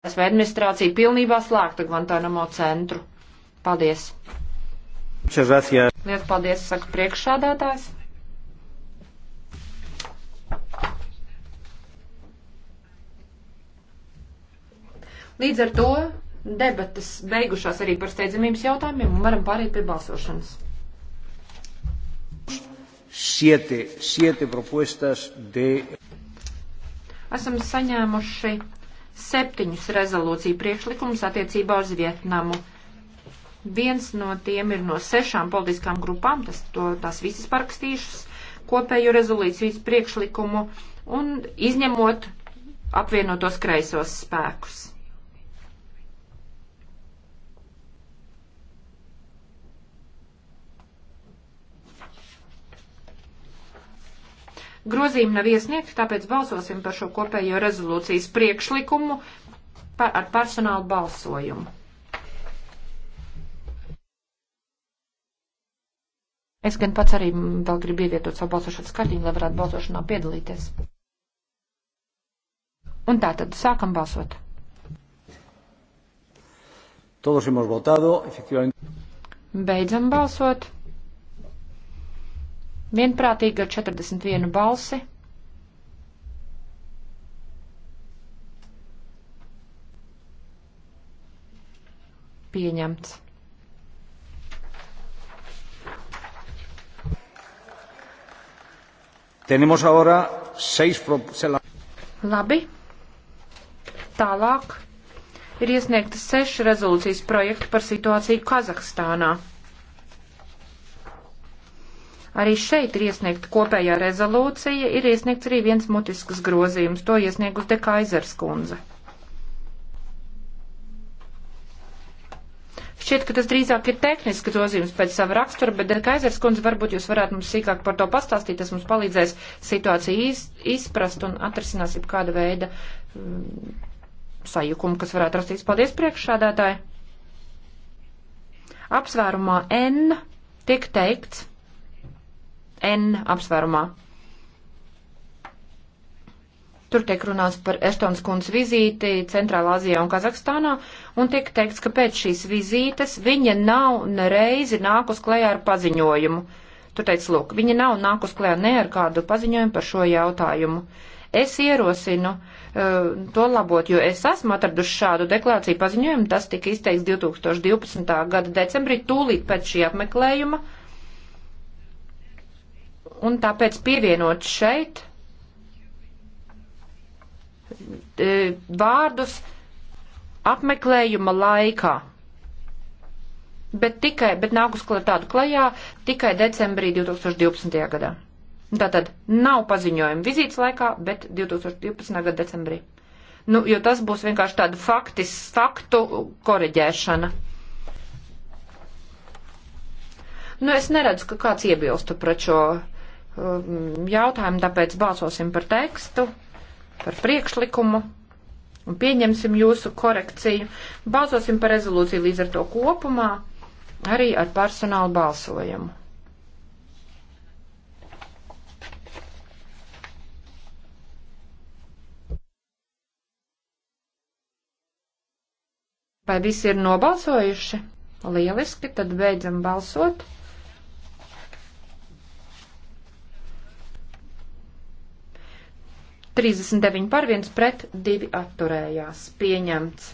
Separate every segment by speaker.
Speaker 1: ASV administrācija pilnībā slēgta Guantanamo centru. Paldies! Liels paldies, saka priekšsādātājs. Līdz ar to debatas beigušās arī par steidzamības jautājumiem un varam pāriet pie balsošanas. Siete, siete propuestas de... Esam saņēmuši septiņus rezolūciju priekšlikumus attiecībā uz Vietnamu. Viens no tiem ir no sešām politiskām grupām, tas, to, tās visas parakstījušas kopējo rezolūcijas priekšlikumu un izņemot apvienotos kreisos spēkus. Grozījumi nav iesniegti, tāpēc balsosim par šo kopējo rezolūcijas priekšlikumu par, ar personālu balsojumu. Es gan pats arī vēl gribu ievietot savu balsošanas kartiņu, lai varētu balsošanā piedalīties. Un tā tad sākam balsot. Todos hemos votado, efectivamente. Beidzam balsot vienprātīgi ar 41 balsi. Pieņemts. Tenemos ahora seis propuestas. Labi. Tālāk ir iesniegtas seši rezolūcijas projekti par situāciju Kazahstānā. Arī šeit ir iesniegta kopējā rezolūcija, ir iesniegts arī viens mutisks grozījums, to iesniegus de Kaizers kundze. Šķiet, ka tas drīzāk ir tehnisks grozījums pēc sava rakstura, bet Kaisers kundze, varbūt jūs varētu mums sīkāk par to pastāstīt, tas mums palīdzēs situāciju iz, izprast un atrisinās jau kāda veida um, sajukumu, kas varētu rasties. Paldies priekšsādātāji! Apsvērumā N tiek teikts, N apsvērumā. Tur tiek runāts par Eštons kundzes vizīti Centrālā Azijā un Kazahstānā, un tiek teikts, ka pēc šīs vizītes viņa nav nereizi nākus klējā ar paziņojumu. Tur teica, lūk, viņa nav nākus klējā ne ar kādu paziņojumu par šo jautājumu. Es ierosinu uh, to labot, jo es esmu atraduši šādu deklarāciju paziņojumu, tas tika izteikts 2012. gada decembrī, tūlīt pēc šī apmeklējuma. Uh, Un tāpēc pievienot šeit e, vārdus apmeklējuma laikā. Bet tikai, bet nākus klāt tādu klajā tikai decembrī 2012. gadā. Tātad nav paziņojumi vizītes laikā, bet 2012. gada decembrī. Nu, jo tas būs vienkārši tāda faktis, faktu koreģēšana. Nu, es neredzu, ka kāds iebilstu pret šo Um, jautājumu, tāpēc balsosim par tekstu, par priekšlikumu un pieņemsim jūsu korekciju. Balsosim par rezolūciju līdz ar to kopumā, arī ar personālu balsojumu. Vai visi ir nobalsojuši? Lieliski, tad beidzam balsot. 39 par 1 pret 2 atturējās. Pieņemts.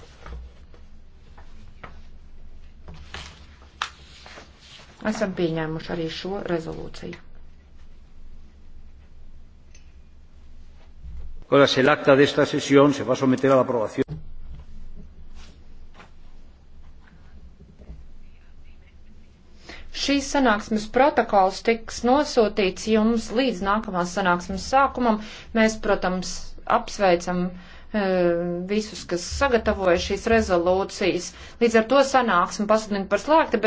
Speaker 1: Esam pieņēmuši arī šo rezolūciju. Colegas, el acta de esta sesión se va a someter a la aprobación. Šīs sanāksmes protokols tiks nosūtīts jums līdz nākamās sanāksmes sākumam. Mēs, protams, apsveicam e, visus, kas sagatavoja šīs rezolūcijas. Līdz ar to sanāksmi pasludina par slēgti.